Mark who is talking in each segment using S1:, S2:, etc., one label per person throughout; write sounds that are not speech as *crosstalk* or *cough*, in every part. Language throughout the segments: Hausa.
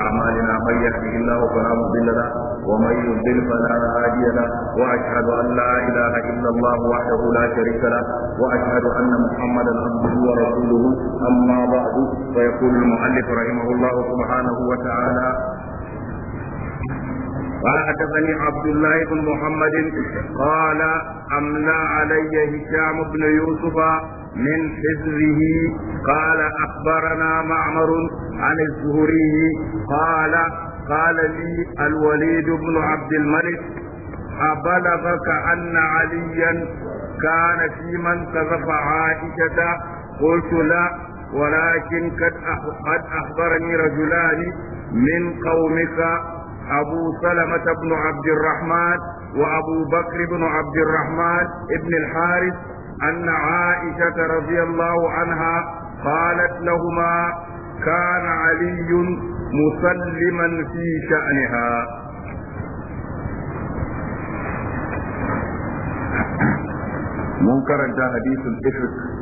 S1: أعمالنا من يهده الله فلا مضل له ومن يضلل فلا هادي له وأشهد أن لا إله إلا الله وحده لا شريك له وأشهد أن محمدا عبده ورسوله أما بعد فيقول المؤلف رحمه الله سبحانه وتعالى قال حدثني عبد الله بن محمد قال أملى علي هشام بن يوسف من حزبه قال أخبرنا معمر عن الزهري قال قال لي الوليد بن عبد الملك أبلغك أن عليا كان في من قذف عائشة قلت لا ولكن قد أخبرني رجلان من قومك أبو سلمة بن عبد الرحمن وأبو بكر بن عبد الرحمن بن الحارث أن عائشة رضي الله عنها قالت لهما كان علي مسلما في شأنها منكر جاء حديث الإفك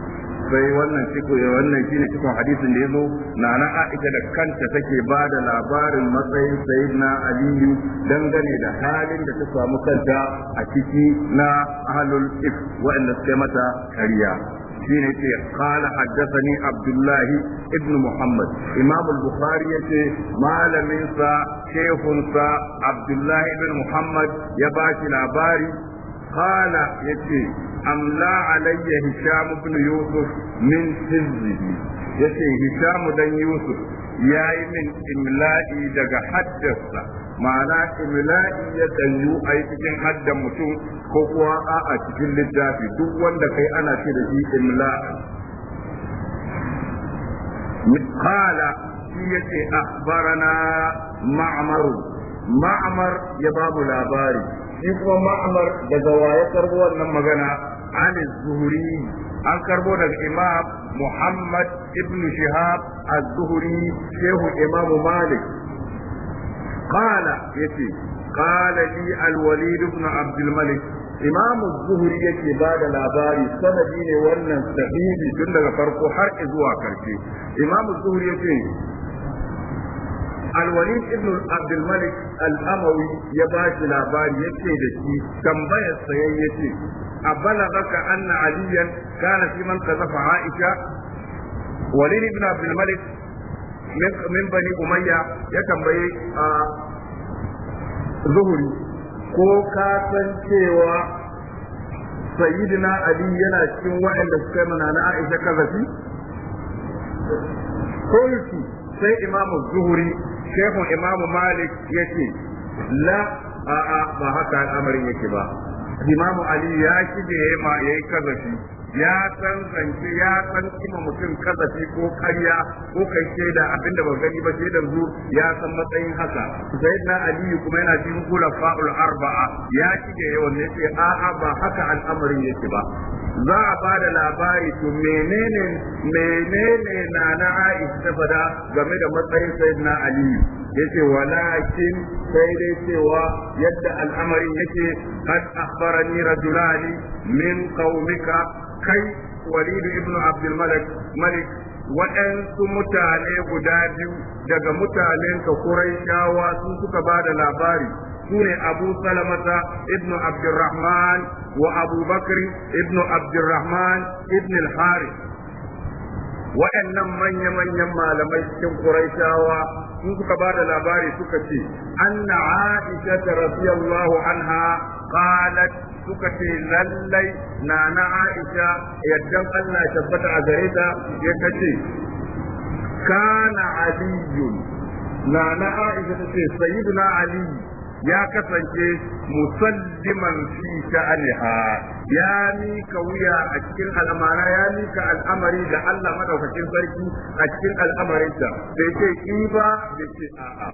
S1: sai wannan ciko ya eh, wannan shine cikon hadisin da yazo na Aisha da kanta take ba da labarin matsayin na Aliyu dangane da halin da ta samu kanta a ciki na ahlul if wa'anda suka mata kariya shine ce haddasa haddathani Abdullahi ibn muhammad imam al-bukhari ya malamin sa shehunsa Abdullahi ibn muhammad ya ba shi labari qala yace amla alayya hisham ibn yusuf min hizbihi yace hisham dan yusuf yayi min imla'i daga haddasa ma'ana imla'i ya tsayu a cikin haddan mutum ko kuwa a cikin littafi duk wanda kai ana ce da shi imla'a قال يتي أخبرنا معمر معمر يباب الأباري shi kuma ma'amar daga waye karbo wannan magana an zuhuri an karbo daga imam muhammad ibn shihab az-zuhuri shehu imam malik qala yace qala li al-walid ibn abd al-malik imam az-zuhri yake bada labari sanadi ne wannan sahihi tun daga farko har zuwa karshe imam az-zuhri yace alwalid ibn Abdulmalik malik ya ba shi labari yace da shi tambayar sa yace baka anna aliyan kana fi man kazafa aisha walid ibn abdul malik min bani umayya ya tambaye zuhuri ko ka san cewa sayyidina ali yana cikin waɗanda suka yi mana na aisha kazafi قلت sai imamu zuhuri shehu imamu malik ya ce la a'a ba haka al'amarin yake ba Imam ali ya shiga ma ya yi kazafi ya san zance ya san kima mutum kazafi ko karya ko kai shaida abinda ba gani ba shaidar zu ya san matsayin haka sayyidina ali kuma yana cikin kula fa'ul arba'a ya shiga yawan ne sai a'a ba haka al'amarin yake ba za a ba da labari to menene menene na na Aisha ta fada game da matsayin sayyidina Ali yace walakin sai dai cewa yadda al'amarin yake qad akhbarani rajulani min qaumika kai Walid ibn Abdulmalik Malik waɗansu mutane guda biyu daga mutanenka shawa sun suka ba da labari sune abu Ibnu ibn abdurrahman wa abu bakr ibn abdurrahman ibn al-harith wa'annan manya-manyan malamai cikin quraishawa sun suka ba da labari suka ce anna aisha radiyallahu anha qalat suka ce lallai nana aisha yadda Allah tabbata a gare ta ya kace kana aliyun nana aisha ta ce sayyiduna aliyu ya kasance musalliman fi sha'aniha ya mika wuya a cikin al'amara ya mika al'amari da Allah madaukakin sarki a cikin al'amarinsa. bai ce in ba bai ce a'a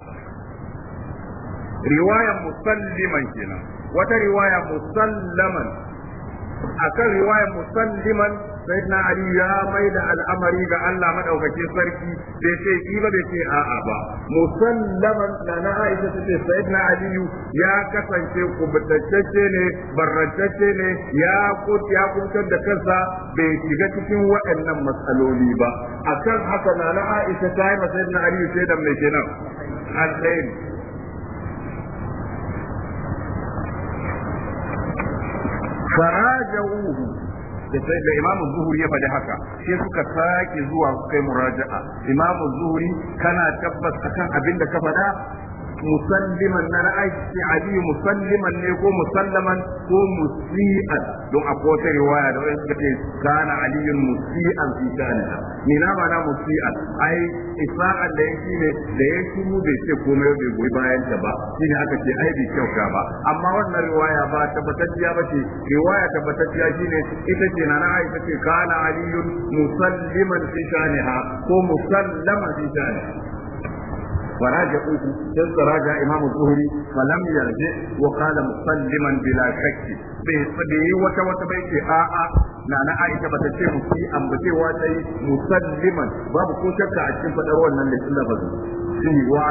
S1: riwaya musalliman kenan wata riwaya musallaman akan riwayar musalliman sayyidina ali ya mai da al'amari ga Allah madaukake sarki bai ce shi ba bai ce a'a ba musallaman na na Aisha ta ce sayyidina ali ya kasance kubutacce ne barrantacce ne ya ya kuntar da kansa bai shiga cikin waɗannan matsaloli ba akan haka na na Aisha ta yi sayyidina ali sai da mai kenan alheri farajauhu da sai da imam zuhuri ya faɗi haka sai suka sake zuwa kai muraja'a imam zuhuri kana tabbas akan abin da ka faɗa musalliman na ra'ayi ali musalliman ne ko musallaman ko musi'an don a kowace riwaya da wani suka ce kana aliyun musi'an fi sha'anina ni na ba na musi'an ai isa'an da yake ne da ya shiru bai ce komai bai goyi bayan ta ba shine aka ce ai bai kyauta ba amma wannan riwaya ba tabbatacciya ba ce riwaya tabbatacciya shine ita ce na ra'ayi ta ce kana aliyun musalliman fi sha'aniha ko musallaman fi sha'aniha فراجعوه جز راجع إمام الظهري فلم يرجع وقال Musalliman, بلا شك bai yi wata wata bai ce a'a na na Aisha bata ce mu fi ambacewa ta yi musalliman babu ko shakka a cikin fadar wannan da kin shi wa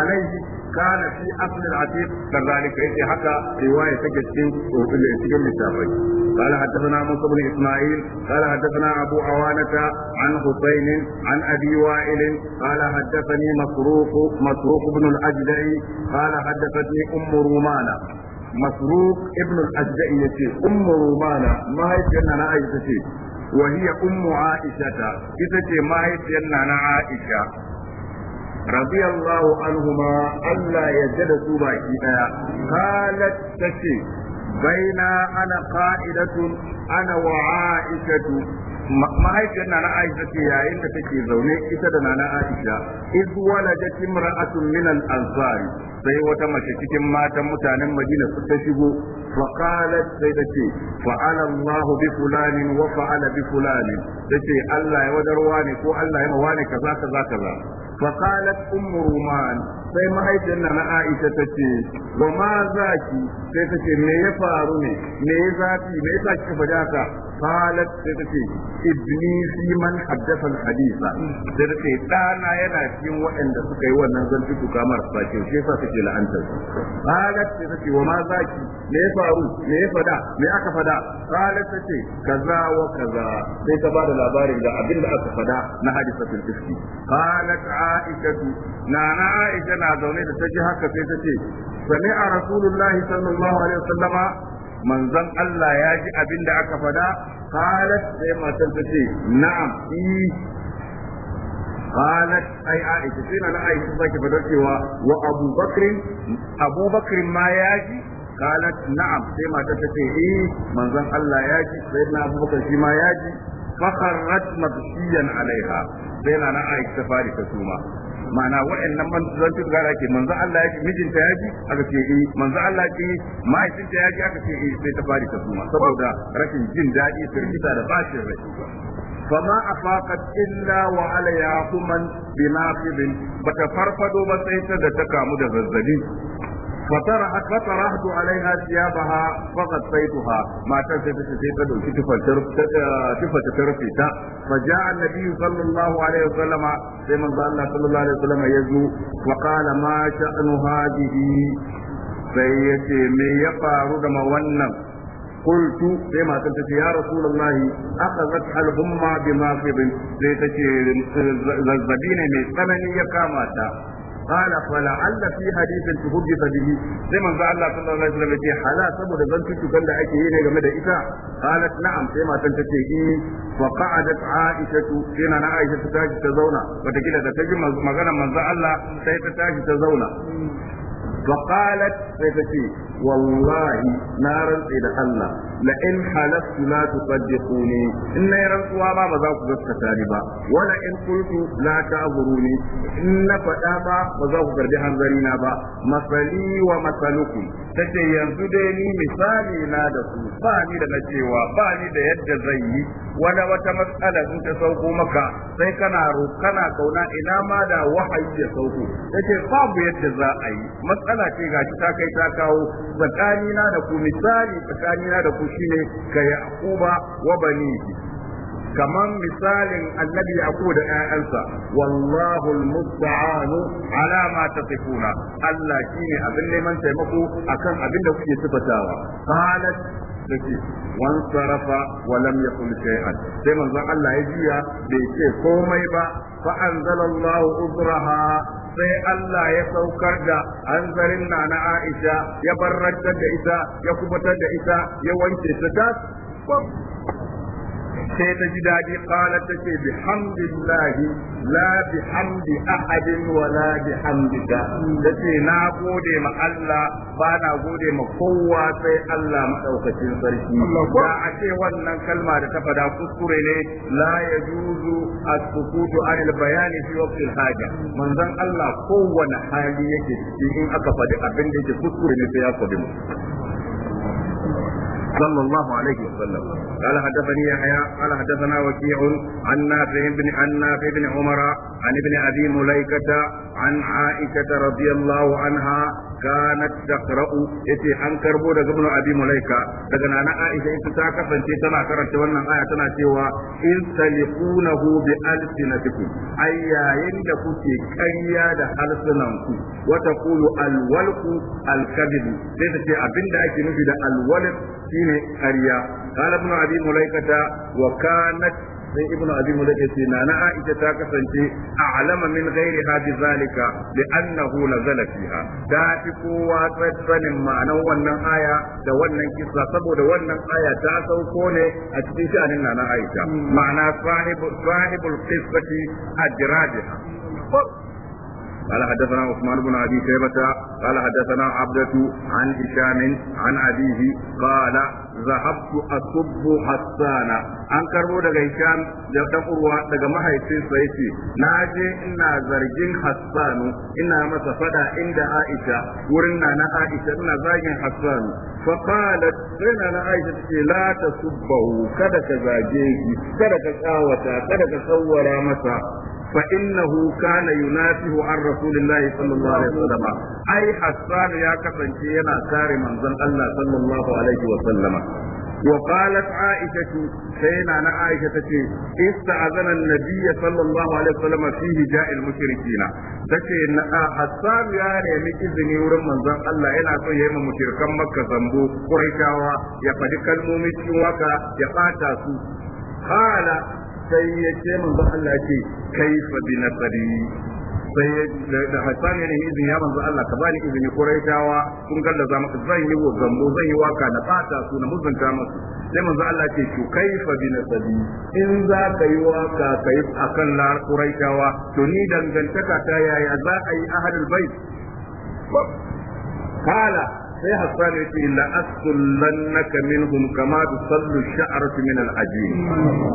S1: kana fi asl al-atiq kadhalika yake haka riwaya take cikin cikin littafai قال حدثنا موسى بن اسماعيل قال حدثنا ابو عوانة عن حسين عن ابي وائل قال حدثني مسروق مسروق بن الاجدع قال حدثتني ام رومانه مسروق ابن الأجدأ يتي أم رومانة ما هي جنة عائشة وهي أم عائشة إذا ما هي جنة عائشة Rabiya Allah Allah ya je da su baki ɗaya. Salatu ta baina ana fa'idatun ana wawa isa tun. mahaifiyar nana Aisha ce yayin da take zaune ita da nana Aisha iz waladat imra'atun min al-ansari sai wata mace cikin matan mutanen Madina su ta shigo fa qalat sai da ce fa'ala Allah bi fulanin wa fa'ala bi fulanin dace Allah ya wadarwa ne ko Allah ya mawa kaza kaza kaza fa qalat ummu ruman sai mahaifin na na Aisha ta ce wa ma za ki sai ta ce me ya faru ne me ya zafi me yasa kika faɗa ka qalat sai ta ce ibni fi man haddatha al sai ta ce dana yana cikin waɗanda suka yi wannan zanci ku mar sa ke shi yasa take la'antar qalat sai ta ce wa ma za ki me ya faru me ya faɗa me aka faɗa qalat ta ce kaza wa kaza sai ta bada labarin da abin da aka faɗa na hadisatul ifki qalat aisha na na aisha na zaune da ta ji haka sai ta ce sami'a rasulullahi sallallahu alaihi wasallama manzon Allah ya ji abin da aka fada qalat sai matar ta ce na'am i eh. qalat ai aisha sai na aisha take fada cewa wa Abu Bakr Abu Bakr ma ya ji qalat na'am sai matar ta ce eh manzon Allah ya ji sai na Abu Bakr shi ma ya ji fakharrat mabshiyan alaiha sai na aisha ta fari ta suma ma'ana zan ci da ake manzo Allah yake mijinta yake aka ce eh manzo Allah yake eh. mahaifinta yake aka ce eh sai ta fari ta suma saboda rashin jin daɗi firgita da bashin rai bata farfado ba sai ta da ta kamu da zazzabi وطرحت فطرحت عليها ثيابها فغطيتها ما تنسى تسيقد كتفة ترفيتا فجاء النبي صلى الله عليه وسلم سيما الله صلى الله عليه وسلم يزو وقال ما شأن هذه سيتي من يقارد مولنا قلت لما قلت يا رسول الله أخذت الأمة بما في زي تشي زلزبين من ثمن يكاماتا قال فلعل في حديث تحدث به زي ما قال الله صلى الله عليه وسلم يقول حلا saboda zantuttukan da ake yi ne game da ita qalat na'am sai matan tace eh fa qa'adat aisha na aisha ta tashi ta zauna Bata kila da ta ji maganar manzo Allah sai ta ta zauna فقالت فتتي wallahi na rantse da Allah la in halaftu la tusaddiquni in na rantsuwa ba ba za ku gaskata ni ba wala in qultu la ta'buruni in na faɗa ba ba za ku garbi hanzari na ba masali wa masalukum tace yanzu dai ni misali na da su. ba ni da na cewa ba ni da yadda zan yi wala wata matsala sun ta sauko maka sai kana kana kauna ina ma da wahayi ya sauko tace babu yadda za a yi matsala ce gashi ta kai ta kawo tsakanina da ku misali tsakanina da ku shine ka yaquba wa banihi kaman misalin annabi yaqub da 'ya'yansa, wallahu almusta'anu ala ma tasifuna Allah shine abin neman taimako akan abin da kuke tabbatawa qalat take wan sarafa wa lam yaqul shay'an sai manzon Allah ya jiya bai ce komai ba fa anzalallahu uzraha sai Allah ya saukar da hanzarin na na Aisha ya barrantar da ita ya kubatar da ita ya wanke ta sai ta ji daɗi ƙala ta ce bi hamdillahi la bi hamdi ahadin wa la bi hamdika Da ce na gode ma Allah ba na gode ma kowa sai Allah maɗaukacin sarki ba a ce wannan kalma da ta fada kuskure ne la ya juzu a sukutu anil bayani fi waqtil haja manzon Allah kowane hali yake in aka faɗi abin da yake kuskure ne sai ya faɗi mu صلى الله عليه وسلم قال حدثني يحيى قال حدثنا وكيع عن نافع بن عن نافع بن عمر عن ابن ابي مليكه عن عائشه رضي الله عنها kanat taqra'u yace an karbo daga ibn abi malaika daga nana aisha ita ta kasance tana karanta wannan aya tana cewa in taliqunahu bi alsinatikum ai yayin da kuke kanya da ku wa taqulu alwalqu alkadib sai ta ce abinda ake nufi da alwalq shine ƙarya qala ibn abi mulaikata wa kanat sai ibnu abi mulk ce na na aisha ta kasance a a'lama min ghairi hadi zalika bi annahu nazala fiha da fi kowa sanin ma'anar wannan aya da wannan kisa saboda wannan aya ta sauko ne a cikin shi na na aisha ma'ana sahibu sahibul qissati ajrajiha قال حدثنا عثمان بن ابي شيبه قال حدثنا عبده عن هشام عن ابيه قال zahabtu asubbu hassana an karbo daga hisham da daga mahaifinsa yace na je ina zargin hassanu ina masa fada inda aisha wurin na na aisha ina zagin hassanu fa qalat sai na aisha ce la tasubbahu kada ka zage shi kada ka tsawata kada ka sawwara masa فإنه كان ينافه عن رسول الله صلى الله عليه وسلم أي حسان يا كفن كينا سار منزل الله صلى الله عليه وسلم وقالت عائشة سينا أنا عائشة استأذن النبي صلى الله عليه وسلم في هجاء المشركين تشي حسان يا نيمي إذني ورم منزل الله إلا سو يما مشركا مكة زنبو قريشاوا يفدي كلمومي cikin waka ya ɓata su قال sai ya ce manzo Allah ce kaifa bi nasari sai da hasan ne izini ya manzo Allah ka bani izini kuraitawa. sun gallaza maka zan yi wa gambo zan yi waka na bata su na muzanta musu sai manzo Allah ce to kaifa bi nasabi in za ka yi waka kai akan lar kuraitawa. to ni dangantaka ta yaya za a yi ahlul bait kala sai hassan ya ce la asullannaka minhum kama tusallu sha'ratu min al-ajin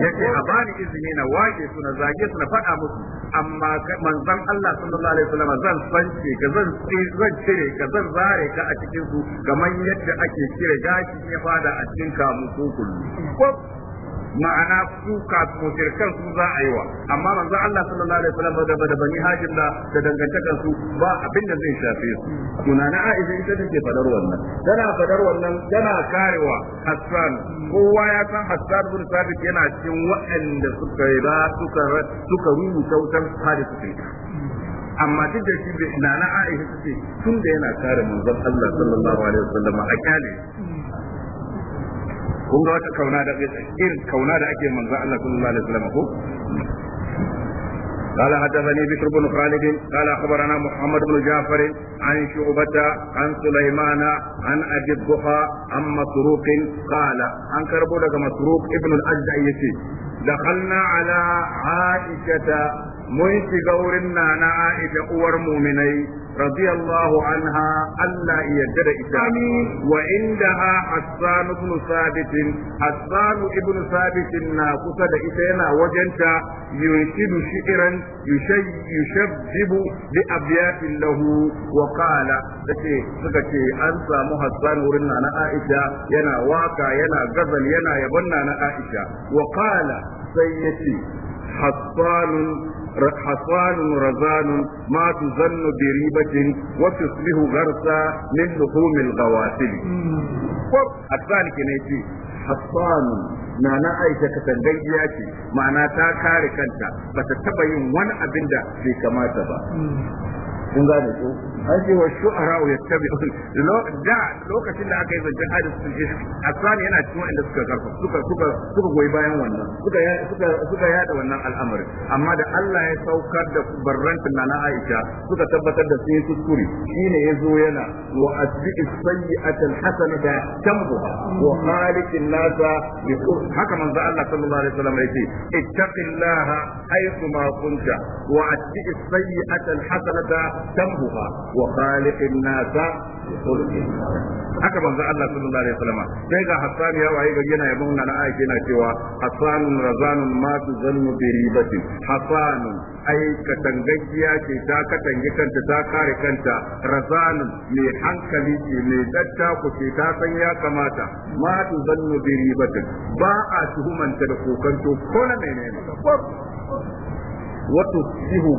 S1: yace a bani izini na waje su na zage su na faɗa musu amma manzon Allah sallallahu alaihi wasallam zan fanke ka zan zan cire ka zan zare ka a cikin su kamar yadda ake cire gashi ya fada a cikin kamu ko kullu ma'ana ka mushrikan su za a yi wa amma manzo Allah sallallahu alaihi wasallam da da bani hajin da da dangantakan su ba abin da zai shafe su tunana Aisha ita take fadar wannan tana fadar wannan tana karewa Hassan kowa ya san Hassan bin Sabit yana cikin waɗanda suka yi ba suka suka rubuta wutar Hadith amma duk da shi bai nana Aisha ce tun da yana kare manzo Allah sallallahu alaihi wasallam a kyale kun ga wata kauna da irin kauna da ake manzo Allah sallallahu alaihi wasallam ko قال حدثني بكر بن خالد قال اخبرنا محمد بن جعفر عن شعبة عن سليمان عن ابي الضحى عن مسروق قال عن كربو مسروق ابن الاجدع دخلنا على عائشة mun shiga wurin nana Aisha uwar muminai radiyallahu anha Allah yarda da ita wa inda ha Hassan ibn Sabit Hassan ibn Sabit na kusa da ita yana wajenta yunshidu shi'ran yushabbibu bi abyatin lahu wa qala dace suka ce an samu Hassan wurin nana Aisha yana waka yana gazal yana yabon nana Aisha wa qala sai yace Hassanun حصان رزان ما تظن بريبة وتصبح غرسا من لحوم الغواسل الثاني كنيتي حصان nana aisha katangajiya ce ma'ana ta kare kanta ba ta taba yin wani abin da bai kamata ba haji wa shu'ara yattabi'un da lokacin da aka yi zancen hadisul ifk asani yana cikin wanda suka karfa suka suka suka goyi bayan wannan suka suka suka yada wannan al'amari amma da Allah ya saukar da barrantin na na Aisha suka tabbatar da sai kuskure shine yazo yana wa asbi'i sayyi'atal hasanata tambuha wa khaliqin nasa haka manzo Allah sallallahu alaihi wasallam yake ittaqillaha haythu ma kunta wa asbi'i sayyi'atal hasanata tambuha wa khaliqin nasa haka banzo Allah sallallahu alaihi wasallam sai ga Hassan ya waye ga yana yabon nan aiki kina cewa Hassanun razanun ma tuzannu bi ribati Hassanun ai katangajiya ce ta katange kanta ta kare kanta razanun mai hankali ce mai ku ce ta san ya kamata ma tuzannu bi ribati ba a tuhuman ta da kokanto ko na menene wato sihu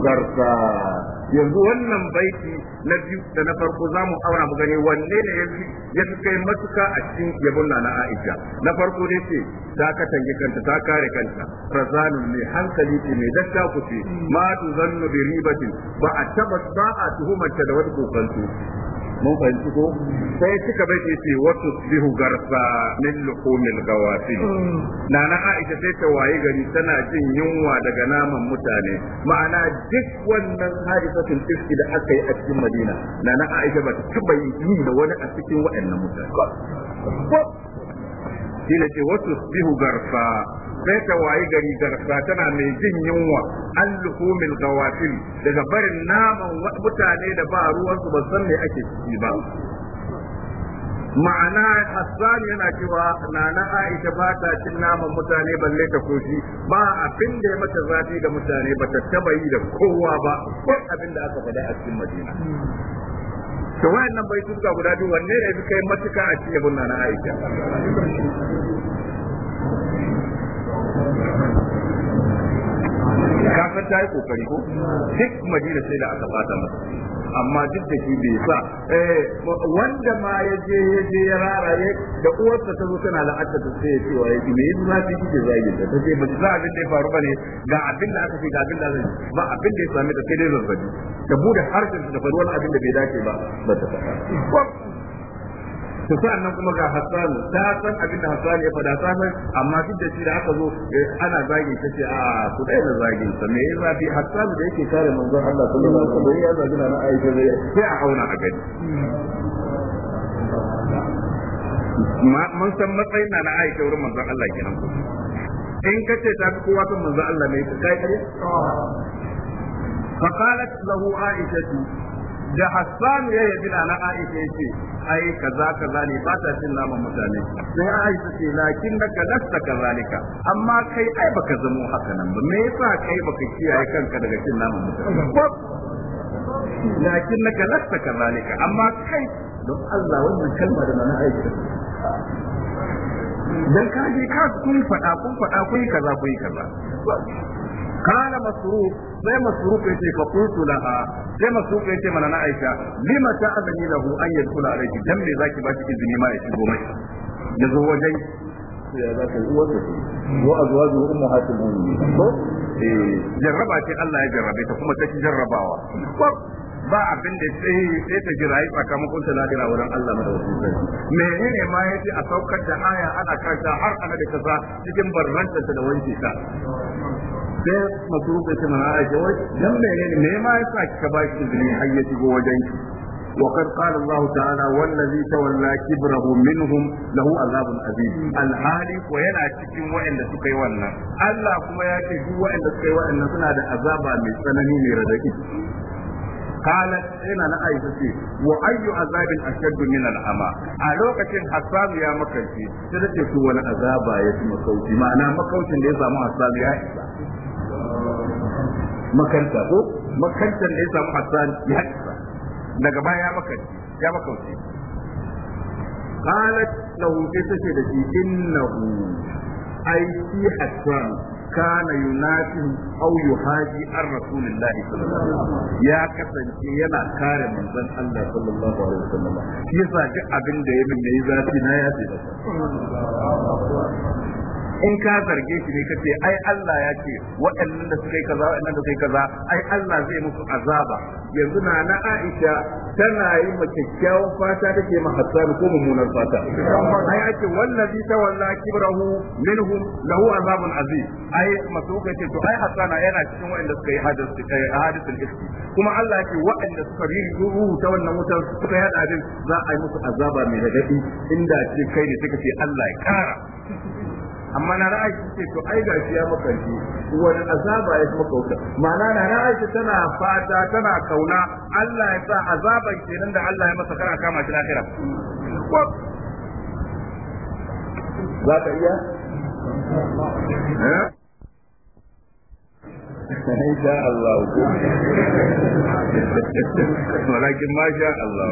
S1: yanzu wannan baiti na biyu da na farko za mu aura mu gani wanne ne ya fi kai matuka a cikin yabon na Aisha na farko dai ce za ka kanta ta kare kanta razanun ne hankali ce mai datta ku ce ma tu zannu bi ribatin ba a taba ba a tuhumarta da wani kokonto mun fahimci ko sai suka bai ce ce wasu bihu garsa min lukumil gawafi mm. nana Aisha sai ta waye gari tana jin yunwa daga naman mutane ma'ana duk wannan hadisatin iski da aka yi a cikin Madina nana Aisha ba ta taba yi da wani a cikin waɗannan mutane shine ce wasu bihu garsa sai ta wayi gari da tana mai jin yunwa an luhumil gawatil daga barin naman mutane da ba ruwansu ba san me ake ciki ba ma'ana Hassan yana cewa nana Aisha ba ta cin naman mutane balle ta koshi ba abin da ya mata zafi ga mutane ba ta taba yi da kowa ba ko abin da aka faɗa a cikin Madina to wayannan bai tuka guda biyu wanne ne kai matuka a cikin nana Aisha kafin ta yi kokari ko duk madina sai da aka fata masa amma duk da shi bai sa eh, wanda ma ya je ya je ya raraye da uwarsa ta zo tana la'atta ta sai ya ce wa yake mai zuwa ma ta kike zagi ta ta ce ba za abin da ya faru bane ga abin da aka ce ga abin da zai ba abin da ya same ta sai dai zazzabi ta bude harshen ta da faruwar abin da bai dace ba ba ta faɗa to sa'an nan kuma ga Hassan ta san abin da Hassan ya faɗa ta san amma duk da shi da aka zo eh, ana zagin ta ce a ku dai na zagin sa me yasa fi Hassan da yake kare manzon Allah sallallahu alaihi wasallam ya zagina na Aisha sai a auna a gani mun san matsayin na na Aisha wurin manzon Allah kenan in kace ta fi kowa kan manzon Allah ne kai kare ah. qalat lahu aisha da Hassan ya yabi na Aisha yace ai kaza kaza ne ba ta cin naman mutane sai Aisha ce lakin da ka lasta kazalika amma kai ai baka zamo haka nan ba me yasa kai baka kiyaye kanka daga cin naman mutane lakin da ka lasta kazalika amma kai don Allah wannan kalma da mana Aisha dan kaje ka kun faɗa kun faɗa kun kaza kun kaza kala masruf sai masruf yace fa qultu laha sai masruf yace mana na aisha lima ta'adani lahu an yadkhula alayki dan me zaki baki izini ma ya shigo mai yazo wajen ya za ka yi uwarsa ce Allah ya jarrabe ta kuma jarrabawa ba abin da sai sai ta jira yi sakamakon ta ladira wurin Allah madawacin sarki ne ma yace a saukar da aya ana kanta har ana da kaza cikin barranta da wanke ta sai masurufa ta mana a jawar dan menene ne ma yasa kika ba shi izini har ya shigo wajen ki wa qad qala Allah ta'ala wallazi tawalla kibrahu minhum lahu azabun azim alhali wa yana cikin wa'anda suka yi wannan Allah kuma ya ce duk wa'anda suka yi wa'annan suna da azaba mai tsanani mai radadi kala ina na aisha ce wa ayyu azabin ashaddu min al a lokacin hasan ya makanci sai da ce to wani azaba ya fi makauci ma'ana makaucin da ya samu hasan ya makanta ko makantar da ya samu Hassan ya haƙisa daga baya ya makanci ya makauce qalat lahu sai tace da shi innahu ai aiki Hassan kana yunafi aw yuhaji ar rasulillahi sallallahu alaihi wasallam ya kasance yana kare manzon Allah sallallahu alaihi wasallam shi yasa duk abin da ya min yayi zafi na yafi da in ka zarge shi ne kace ai Allah ya ce waɗannan da suka yi kaza waɗannan da suka yi kaza ai Allah zai musu azaba yanzu na na Aisha tana yi ma kyakkyawan fata take ma Hassan ko mummunar fata ai ake wallazi tawalla kibrahu minhum lahu azabun aziz ai masuka ce to ai Hassan yana cikin waɗanda suka yi hadisi eh, hadisul iski kuma Allah ce waɗanda suka yi ta wannan wutar suka yada din za a yi musu azaba mai radadi inda ce kai ne suka ce Allah ya kara amma na ra'ayi ce to ai ga shi ya maka makanci wani azaba ya maka wuta ma'ana na ra'ayi tana fata tana kauna Allah ya sa azaban kenan da Allah ya masa kana kama shi lafiya za ka iya إن شاء الله ولكن Allah شاء الله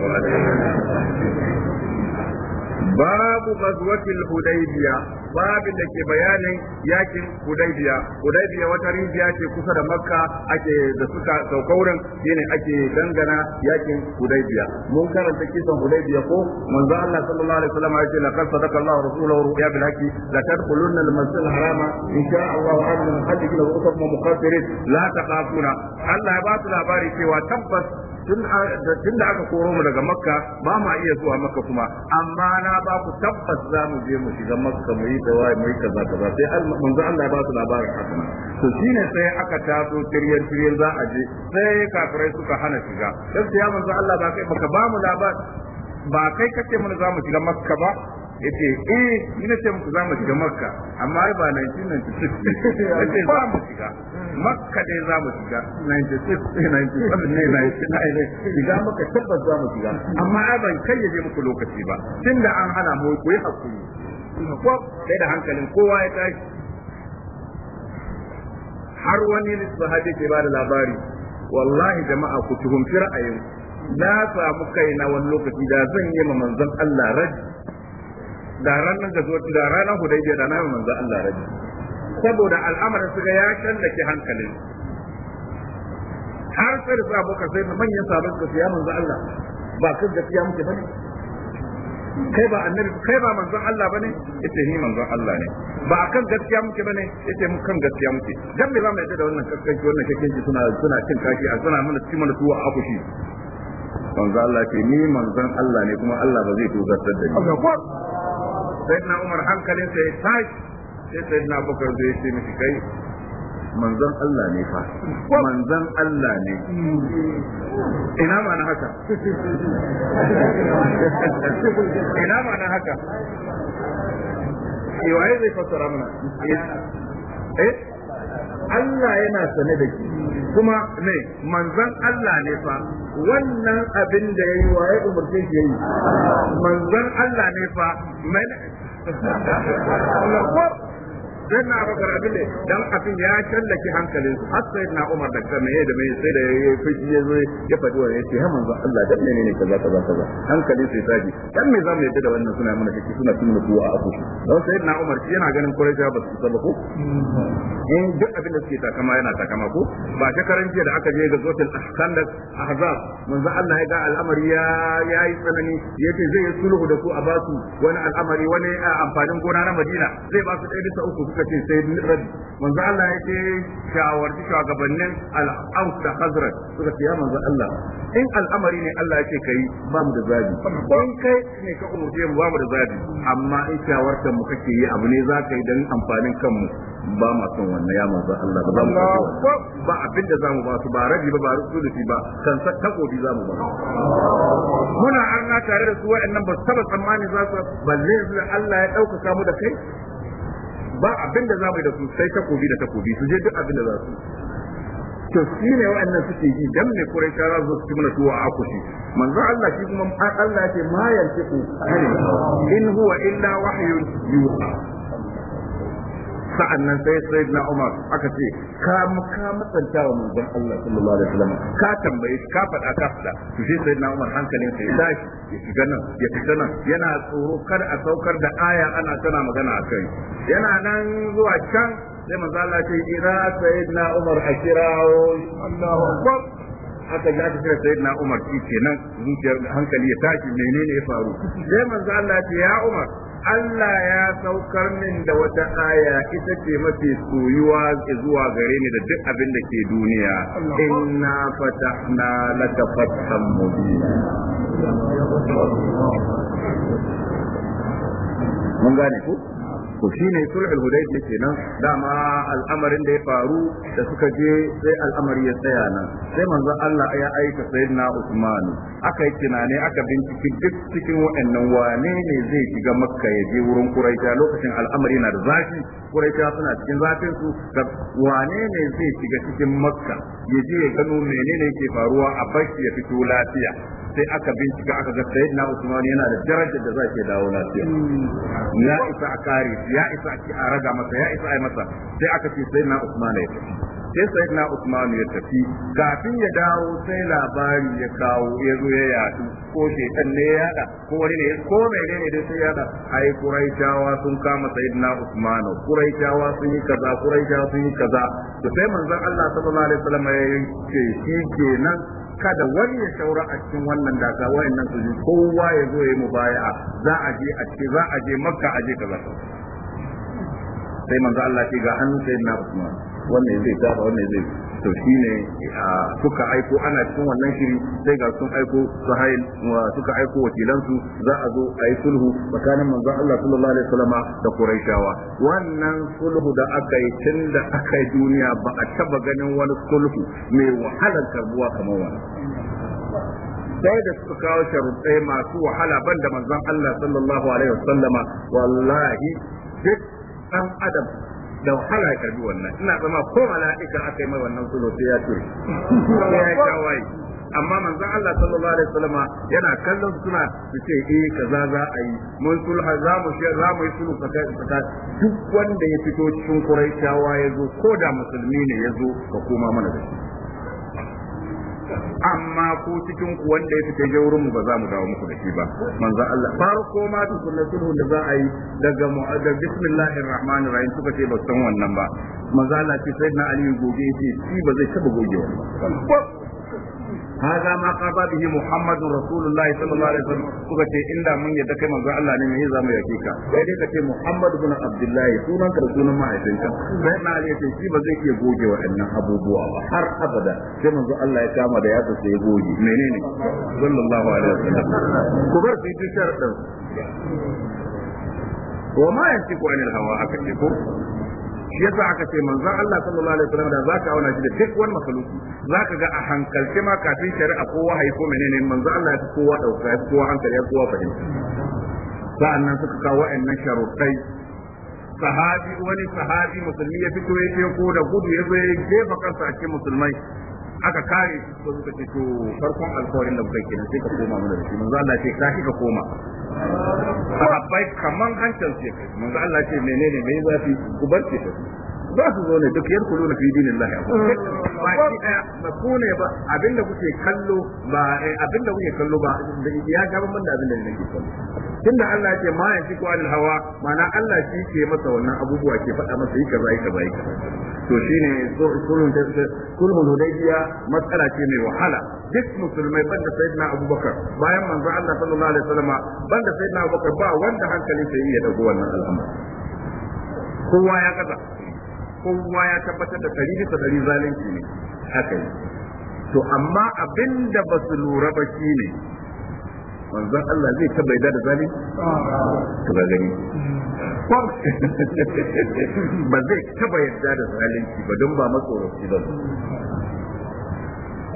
S1: babu ghazwatil hudaybiya babin da ke bayanin yakin hudaybiya hudaybiya wata rijiya ce kusa da makka ake da suka saukaurin shine ake dangana yakin hudaybiya mun karanta kisan hudaybiya ko manzo Allah sallallahu alaihi wasallam ya ce laqad sadaqa Allah rasuluhu ru'ya bil haqi la tadkhulunna al masjid al harama in sha Allah amin hadikin wa ukum muqaddirin la taqafuna Allah ya ba su labari cewa tabbas tun da aka koro mu daga makka ba ma iya zuwa makka kuma amma na ba ku tabbas za mu je mu shiga makka mu yi dawa mu yi kaza kaza sai manzo Allah ba su labarin haka to shine sai aka taso tiryan tiryan za a je sai kafirai suka hana shiga sai ya manzo Allah ba kai baka ba mu labar ba kai kace mun za mu shiga makka ba yace eh ina ce muku za mu shiga makka amma ba 1996 yace za mu shiga makka dai za mu shiga 96 97 ne 99 shiga makka tabbas za mu shiga amma ai ban yaje muku lokaci ba tunda an hana mu ku yi hakuri ko sai da hankalin kowa ya tashi har wani sahabi ke ba da labari wallahi jama'a ku tuhumci ra'ayin na samu kaina wani lokaci da zan yi ma manzon Allah raji da ranar da zuwa da ranar hudaybiya da na manzon Allah raji saboda al'amarin su ga ya tallake hankalin har sai da abokan sai manyan sabon ka siya manzo Allah ba kan gaskiya muke bane kai ba annabi kai ba manzo Allah bane Ita ni manzo Allah ne ba kan gaskiya muke bane ita mu kan gaskiya muke dan me za mu yadda da wannan kaskanci wannan kaskanci suna suna cin kashi a suna mana cin mana tuwa a kushi manzo Allah ke ni manzon Allah ne kuma Allah ba zai tozartar da ni sai na Umar hankalin sai tashi sai sai na bakar zai ce mishi kai manzon Allah ne fa manzon Allah ne ina ma na haka ina ma na haka yi eh, waye zai fassara mana eh Allah yana sane da ki kuma ne manzon Allah ne fa wannan abin da yayi waye umurce shi yayi manzon Allah ne fa mai *laughs* sai na bakar abin da dan abin ya tallake hankalin har sai na Umar da kame da mai sai da ya fiji ya zo ya faɗi wa yace ha manzo Allah dan menene kaza kaza kaza hankalin sai taji dan me zamu yadda da wannan suna mana kike suna sunna kuwa a kusa dan sai na Umar shi yana ganin Quraysh ba su saba ko in duk abin da suke takama yana takama ko ba shekaran jiya da aka je ga zotul ahsandak ahzab manzo Allah ya ga al'amari ya yayi tsanani yace zai yi sulhu da ku a basu wani al'amari wani amfanin gona na Madina zai ba su ɗaya bisa uku suka sai rabi manzo Allah ya ce shawarci shugabannin al-aus da hazrat suka ce ya manzo Allah in al'amari ne Allah ya ce kai ba mu da zabi in kai ne ka umurce mu ba mu da zabi amma in shawartar mu kake yi abu ne za ka yi dan amfanin kanmu ba ma son wannan ya manzo Allah ba za mu ba abin da zamu ba su ba rabi ba ba rusulusi ba kan sa takobi mu ba muna arna tare da su wa'annan ba su taba tsammani za su balle Allah ya dauka mu da kai ba abin da za mu yi da su sai takobi da takobi su je duk abin da za su to shi ne wa'annan suke yi dan ne kurai shara zo su mana tuwa a kushi manzo Allah shi kuma Allah yake ma yantiku in huwa illa wahyu yuha sa'annan sai sayyidina Umar aka ce ka ka matsanta wa manzon Allah sallallahu alaihi wasallam ka tambaye ka faɗa ka faɗa to sai sayyidina Umar hankalin sai ya tashi ya shiga nan ya fita nan yana tsoro kada a saukar da aya ana tana magana akai yana nan zuwa can sai manzo Allah ce ina sayyidina Umar a kirawo Allahu akbar ya ji sai sayyidina Umar shi kenan zuciyar hankali ya tashi menene ya faru sai manzo Allah ce ya Umar Allah ya saukar min da wata aya ita ce mafi soyuwa zuwa gare ni da duk abin da ke duniya inna fatahna laka fatham mubina mun gane ku to shine sulhul ne kenan dama al'amarin da ya faru da suka je sai al'amari ya tsaya nan sai manzo Allah ya aika sayyidina Usman aka yi tunani aka binciki duk cikin wa'annan wane ne zai shiga Makka ya je wurin Quraisha lokacin al'amari na da zafi Quraisha suna cikin zafin su wane ne zai shiga cikin Makka ya je ya gano menene yake faruwa a bashi ya fito lafiya sai aka bincika aka ga sayyidina Usman yana da darajar da zai dawo lafiya ya isa a kare ya isa a raga masa ya isa a masa sai aka ce sayyidina Usman ya sai na Usman ya tafi kafin ya dawo sai labari ya kawo ya zo ya yadu ko shekan ne ya da ko wani ne ko mai ne dai sai ya da ai Quraishawa sun kama sayyidina Usman Quraishawa sun yi kaza Quraishawa sun yi kaza to sai manzon Allah sallallahu alaihi wasallam ya ce shi kenan kada wani ya shaura a cikin wannan gasa wayannan su kowa ya zo ya yi mubaya'a za a je a ce za a je makka a je kaza sai manzo Allah ce ga hannun na Usman wannan zai tafa wannan zai to shine suka aiko ana cikin wannan shiri sai ga sun aiko sahayil suka aiko su za a zo a yi sulhu tsakanin manzo Allah sallallahu alaihi wasallam da Quraishawa wannan sulhu da aka yi tun da aka yi duniya ba a taba ganin wani sulhu mai wahalar karbuwa kamar wannan sai da suka kawo sharuɗai masu wahala banda manzon Allah sallallahu alaihi wasallama wallahi duk dan adam da wahala ya karbi wannan ina zama ko mala'ika aka yi mai wannan kulo sai ya ture ya yi kawai amma manzon Allah sallallahu alaihi wasallam yana kallon suna su ce eh kaza za a yi mun sulha za mu shi za mu yi sulhu kaza duk wanda ya fito cikin kuraishawa ya zo ko da musulmi ne ya zo ka koma mana da shi amma ko cikin ku wanda ya fita je wurin mu ba za mu dawo muku da shi ba manzo Allah farko ma tukunna sulhu da za a yi daga mu'adda bismillahir rahmanir rahim suka ce ba san wannan ba manzo Allah ce na ali goge ce shi ba zai taba gogewa ba هذا ما قضى به محمد رسول الله صلى الله عليه وسلم kuka ce inda mun yadda kai manzo Allah ne mai zamu yake ka sai dai kace Muhammad ibn Abdullah sunan ka sunan mahaifinka sai na ya ce shi ba zai iya goge waɗannan abubuwa ba har abada sai manzo Allah ya kama da yatsa sai ya goge menene sallallahu alaihi wasallam ku bar su yi sharadin wa ma yantiqu anil hawa aka ce ko shi yasa aka ce manzon Allah sallallahu alaihi wasallam da zaka auna shi da duk wani makaluki zaka ga a hankalce ma kafin shari'a ko wahayi ko menene manzon Allah ya kowa dauka ya fi kowa hankali ya fi kowa fahimta sa'annan suka kawo wa'annan sharuɗai sahabi wani sahabi musulmi ya fito ya ko da gudu ya zo ya jefa kansa a cikin musulmai aka kare shi ko suka ce to farkon alkawarin da kuka kenan sai ka koma mana da shi manzo Allah ce ka ka koma bai kaman hancin ce kai manzo Allah ce menene mai zafi ku bar ce za su zo ne duk yadkhuluna fi dinillahi ba shi mm. ba ku ne ba abinda kuke kallo ba eh, abinda kuke kallo ba ya gaban mun da abinda nake kallo tunda Allah ya ce ma yanzu ko al hawa mana Allah shi ke masa wannan abubuwa ke faɗa masa yi kaza yi kaza yi kaza to shine sulhun sulhun hudaybiya matsala ce mai wahala duk musulmai banda sayyidina abubakar bayan manzo Allah sallallahu alaihi wasallam banda sayyidina abubakar ba wanda hankalin sa ya dago wannan al'amari kowa ya kaza kowa ya tabbatar da ɗari bisa ɗari zalunci ne haka ne to amma abin da ba su lura ba shi ne manzon Allah zai taba yadda da zalunci to gani *laughs* ba zai taba yadda da zalunci ba don ba matsoraci ba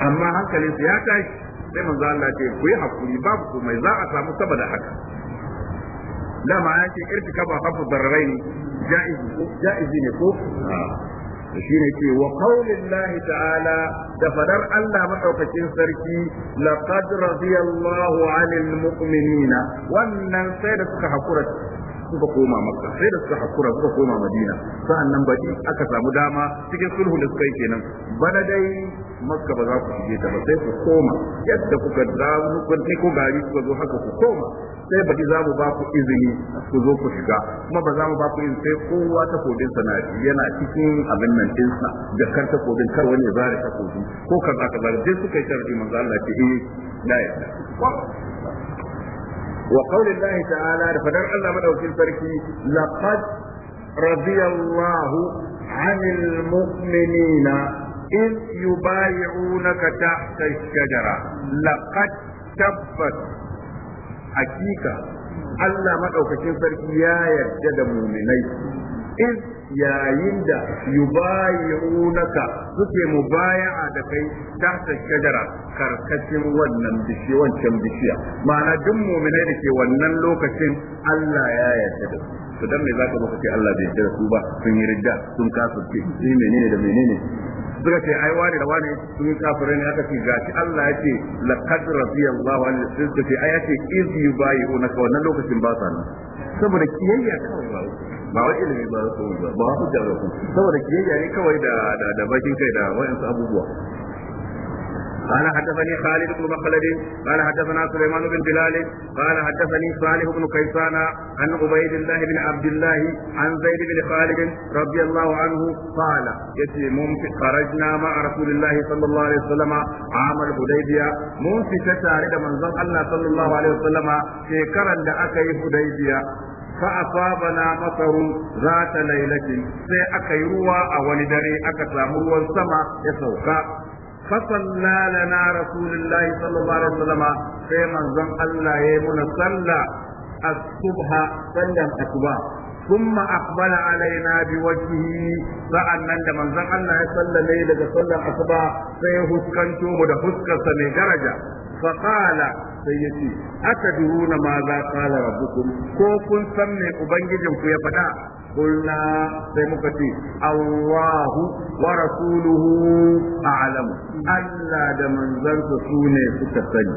S1: amma hankalinsu ya tashi sai manzo Allah ce ku yi hakuri babu komai za a samu saboda haka da ma ya ce irtikaba hafu darrain jaizi ko jaizi ne ko ah. shi ne ce wa qaulin lahi ta'ala da fadar Allah madaukakin sarki laqad radiyallahu 'anil mu'minina wannan sai da suka hakura suka koma makka sai da suka hakura suka koma madina sa'annan baki aka samu dama cikin sulhu da suka yi kenan bana dai makka ba za ku shige ta ba sai ku koma yadda kuka da ku gari kuka zo haka ku koma sai baki za mu ba ku izini ku zo ku shiga kuma ba za mu ba ku izini sai kowa takobin sa yana cikin abin nan dinsa da kar kodin kar wani ya zare takobi ko kar kaza kaza dai suka yi sharri manzo Allah ce eh la ya wa qawli Allah ta'ala da fadar Allah madaukin sarki laqad radiyallahu 'anil mu'minina إذ يبايعونك تحت الشجرة لقد تبت hakika Allah madaukakin sarki ya yarda da muminai in yayin da yubayyunaka suke mubaya'a da kai tahta shajara karkashin wannan bishi wancan bishiya ma'ana duk muminai da ke wannan lokacin Allah ya yarda da su to dan me zaka baka ce Allah bai yarda da su ba sun yi ridda sun kafirce sai menene da menene suka ce ai wani da wani sun kafirai ne aka ce shi Allah ya ce laqad radiyallahu anhu sun ce ai ya ce iz na ka wannan lokacin ba sa nan saboda kiyayya kawai ba ba wai ilimi ba ba ba da ba saboda kiyayya ne kawai da da bakin kai da wayansu abubuwa قال حدثني خالد بن مخلد قال حدثنا سليمان بن بلال قال حدثني صالح بن كيسان عن عبيد الله بن عبد الله عن زيد بن خالد رضي الله عنه قال يتي ممكن خرجنا مع رسول الله صلى الله عليه وسلم عام الحديبية ممكن تتارد من ذن الله صلى الله عليه وسلم شكرا لأكي حديبية فأصابنا مطر ذات ليلة سيأكي ruwa a wani dare aka samu ruwan sama ya sauka فصلى لنا رسول الله صلى الله عليه وسلم في منظم الله يمنى صلى الصبح صلى الأكبر ثم أقبل علينا بوجهه فأنا عندما زعل الله صلى ليلة صلى الأصبع سيهسكنت مدهسك سنة درجة فقال سيدي أتدرون ماذا قال ربكم كوكن سمي أبنجي يا يفدا قلنا سيمكتي الله ورسوله أعلم ألا دمن زرت سوني سكتني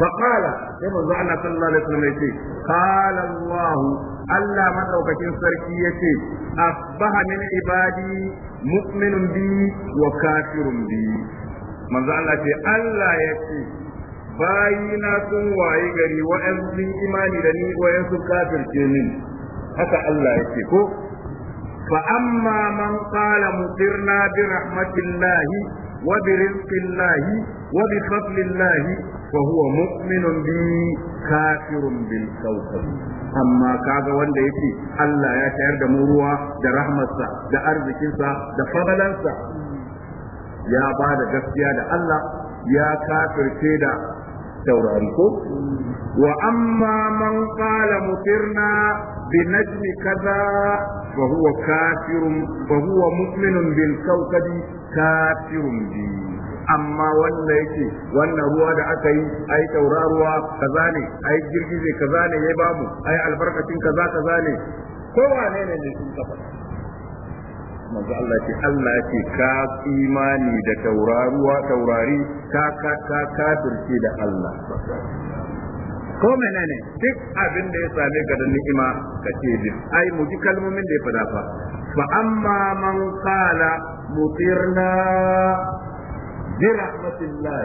S1: فقال كما زعل صلى الله عليه وسلم قال الله Allah madaukakin sarki yace asbaha min ibadi mu'minun bi wa kafirun bi manzo Allah ce Allah yace bayina sun waye gari wa sun imani da ni wa wa'ansu kafirce min haka Allah yace ko fa amma man qala mutirna bi rahmatillahi وبرزق الله وبفضل الله فهو مؤمن بي كافر بالكوكب amma kaga wanda ya ce Allah ya tayar da mu ruwa da rahmarsa da arzikinsa da fadalansa ya ba da gaskiya da Allah ya kafirce da saurari ko wa amma man qala mutirna bi najmi kaza fa huwa kafirun fa huwa mu'minun bil kawkabi kafirun bi amma wanda yake wannan ruwa da aka yi ai tauraruwa kaza ne ai girgize kaza ne ya bamu ai albarkacin kaza kaza ne kowa ne ne ne sun kafa manzo Allah ce Allah ce ka imani da tauraruwa taurari ka ka ka da Allah ko menene duk abin da ya same ka da ni'ima ka ce din ai mu ji kalmomin da ya fada fa fa amma man qala mutirna bi rahmatillah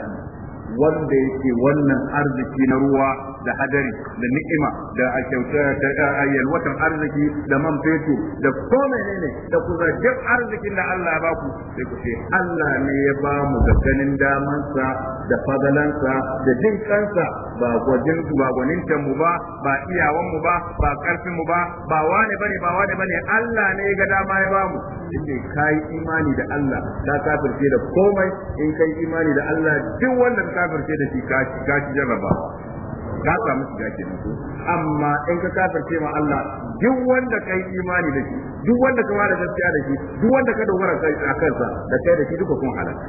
S1: wanda yake wannan arziki na ruwa da hadari da ni'ima da a da yalwatan arziki da man fetur da ko menene da kusa duk arzikin da Allah ba ku sai ku ce Allah ne ya ba mu da ganin damansa da fadalansa da jin kansa ba gwajin ba gwanintan mu ba ba iyawan mu ba ba karfin mu ba ba wane bane ba wane bane Allah ne ya ga dama ya ba mu yake kai imani da Allah ka kafirce da komai in kai imani da Allah duk wannan kafirce da shi ka ci jarrabawa ka samu shiga kenan ko amma in ka kafirce ma Allah duk wanda kai imani da shi duk wanda ka wada gaskiya da shi duk wanda ka dogara kai a kansa da kai da shi duka kun halaka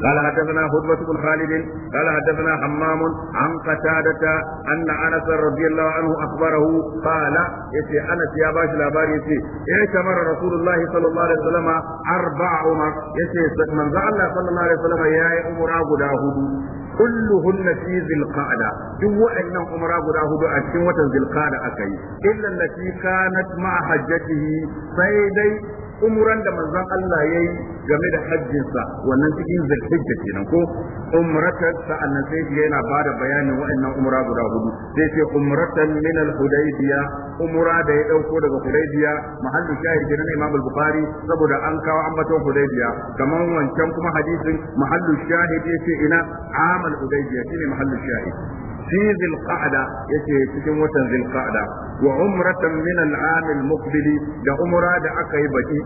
S1: قال حدثنا خطبة بن خالد قال حدثنا حمام عن قتادة أن أنس رضي الله عنه أخبره قال يسي أنس يا باش الأبار يسي اعتمر رسول الله صلى الله عليه وسلم أربع عمر يسي من زعل الله صلى الله عليه وسلم يا عمر أبو داهود kulluhunna fi zilqa'da duk waɗannan umra guda hudu a cikin watan zilqa'da akai illa allati kanat ma hajjatihi sai dai umran da manzon Allah yayi game da hajjinsa wannan cikin zulhijja kenan ko umratan sa'annan sai yana bada bayanin wa'annan umra guda hudu sai ce umratan min al-hudaybiya umra da ya dauko daga hudaybiya mahallin shahid kenan Imam al-Bukhari saboda an kawo ambaton hudaybiya kaman wancan kuma hadisin mahallin shahid yace ina amal hudaybiya shine mahallin shahid fi zilqa'da yake cikin watan zilqa'da wa umratan min al-am al-muqbil da umra da aka yi baki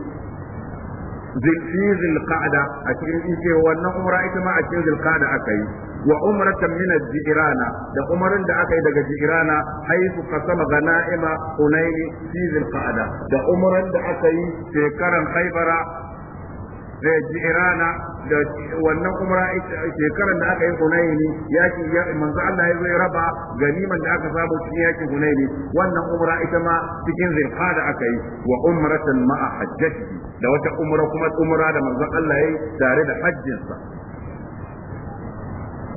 S1: fi zilqa'da a cikin ike wannan umra ita ma a cikin zilqa'da aka yi wa umratan min al-jirana da umarin da aka yi daga jirana haythu qasama ganaima hunayn fi zilqa'da da umran da aka yi shekaran haibara da irana da wannan umra shekaran da aka yi hunaini yaki manzo Allah ya zai raba ganiman da aka samu cikin yakin hunaini wannan umra ita ma cikin zilqada aka yi wa umratan ma'a hajjati da wata umra kuma umra da manzo Allah ya yi tare da hajjinsa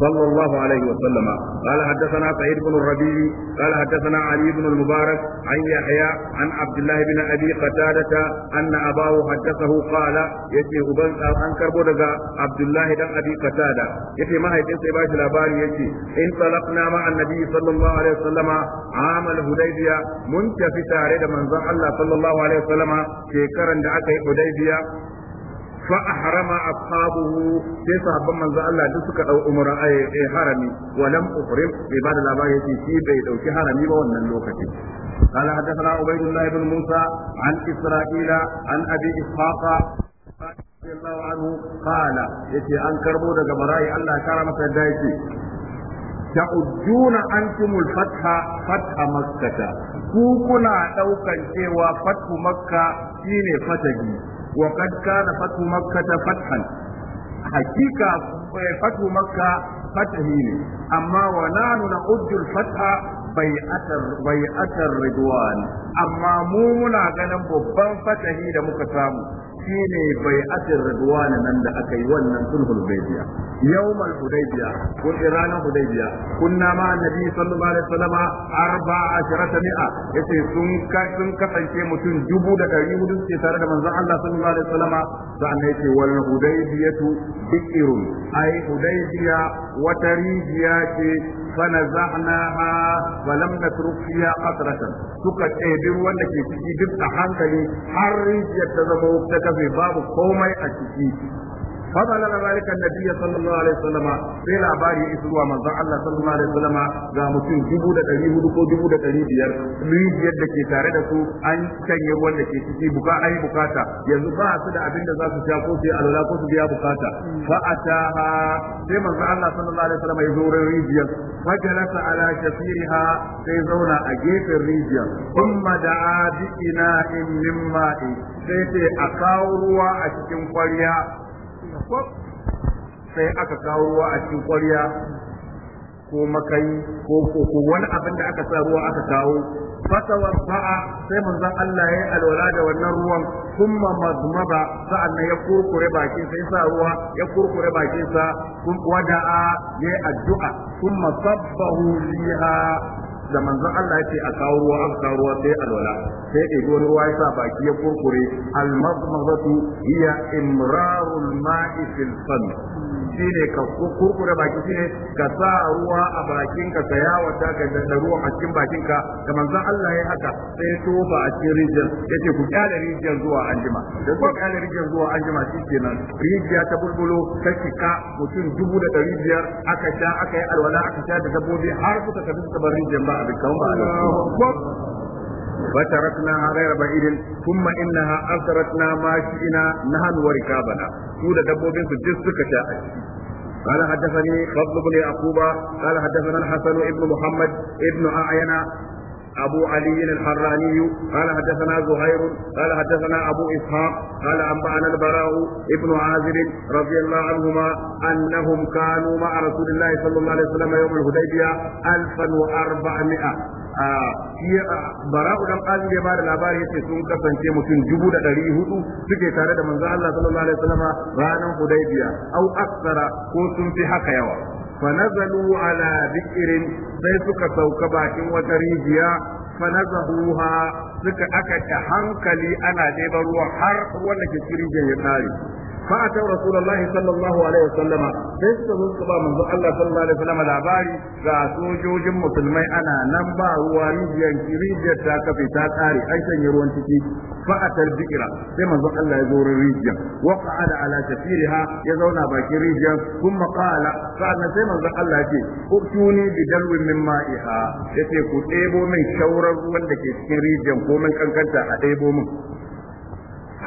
S1: صلى الله عليه وسلم قال حدثنا سعيد بن الربيع قال حدثنا علي بن المبارك عن يحيى عن عبد الله بن ابي قتادة ان اباه حدثه قال يتي ابن ان كربو دغا عبد الله بن ابي قتادة يتي ما هيتين سي باشي لاباري يتي ان طلقنا مع النبي صلى الله عليه وسلم عام الهديبيه من تفي تاره da manzon Allah sallallahu alaihi wasallama shekaran da aka yi Hudaybiya fa harama ashabuhu sai sahabban manzo Allah duk suka dau umra ai eh, eh, harami wa lam uhrim bai bada labari yace shi bai ɗauki harami ba wannan lokaci قال حدثنا عبيد الله بن موسى عن إسرائيل عن أبي إسحاق رضي الله عنه قال يتي أنكر بودك براي الله كرمك دايتي تعدون أنتم الفتح فتح مكة ku kuna ɗaukan cewa fatu makka shine fatahi وقد كان فتح مكة فتحا حقيقة فتح مكة فتحين أما ونحن نعد الفتح بيعة الرضوان أما مو منا ganin babban fatahi da muka samu shine bai asir radwana nan da aka yi wannan sulhul hudaybiya yawmal hudaybiya ko ranar hudaybiya kunna ma nabi sallallahu alaihi wasallama arba ashrata mi'a yace sun sun kasance mutum dubu da dari hudu suke tare da manzon Allah sallallahu alaihi wasallam sa'an yace wal hudaybiyatu bi'irun ai hudaybiya wata rijiya ce فنزعناها ولم نترك فيها قطرة suka ɗebi ruwan da ke ciki duk a hankali har rijiyar ta zama ta babu komai a ciki فبلغ ذلك النبي صلى الله عليه وسلم في لاباري اسروا من الله صلى الله عليه وسلم ga mutum dubu da ɗari hudu ko dubu da ɗari biyar rijiyar da ke tare da su an canye ruwan da ke ciki buka an yi bukata yanzu ba su da abin da za su sha ko su yi alwala ko su biya bukata sai manzo Allah sallallahu alaihi rijiyar fajalasa ala sai zauna a gefen rijiyar da a kawo ruwa a cikin kwarya sai aka kawo ruwa a cikin ƙwarya ko makai ko ko wani abin da aka sa ruwa aka kawo Fasawar ba'a sai manzon Allah ya alwala da wannan ruwan kuma mazmaba sa'annan ya kurkure bakin sai sa ruwa ya kurkure bakin sa kun wada'a ya addu'a kuma sabbahu liha da manzon Allah yake a kawo ruwa an kawo ruwa sai alwala sai ya ɗebi ruwa ya sa baki ya kurkure al-madmadatu hiya imrarul ma'i fil fam shine ka kurkure baki shine ka sa ruwa a bakin ka ya wata ka da ruwa a cikin bakin ka da manzon Allah ya haka sai tofa a cikin rijiyar yace ku kyale rijiyar zuwa anjima da ku kyale rijiyar zuwa anjima kenan rijiya ta bulbulo ta shika mutum dubu da ɗari biyar aka sha aka yi alwala aka sha da dabbobi har suka tafi suka bar rijiyar ba a kan ba فتركناها غير بعيد ثم إنها أثرتنا ما شئنا نهن وركابنا سودة دبوبين سجسك شاء قال حدثني فضل بن يعقوب قال حدثنا الحسن ابن محمد ابن أعين أبو علي الحراني قال حدثنا زهير قال حدثنا أبو إسحاق قال أنبأنا البراء ابن عازر رضي الله عنهما أنهم كانوا مع رسول الله صلى الله عليه وسلم يوم الهديبية 1400 bara'u dan azir ya bada labari yace sun kasance mutum dubu da ɗari hudu suke tare da manzo Allah sallallahu alaihi wasallam ranar Hudaybiya au aksara ko sun fi haka yawa فنزلوا على ذكر سيسك سوكبا وتريجيا فنزهوها suka aka ta hankali ana neman ruwa har wanda ke cikin ya kare فأتى رسول الله صلى الله عليه وسلم ليس رزق منذ الله صلى الله عليه وسلم labari ga sojojin musulmai ana nan ba ruwa rijiyar rijiyar ta kafe ta tsare an shanye ruwan ciki fa'atar bikira sai manzon Allah ya zo wurin rijiyar wa qa'ala ala tafiriha ya zauna bakin rijiyar kuma qala sa'annan sai manzon Allah ce uktuni bi dalwin min ma'iha yace ku ɗebo min shaurar ruwan da ke cikin rijiyar ko min kankanta a ɗebo min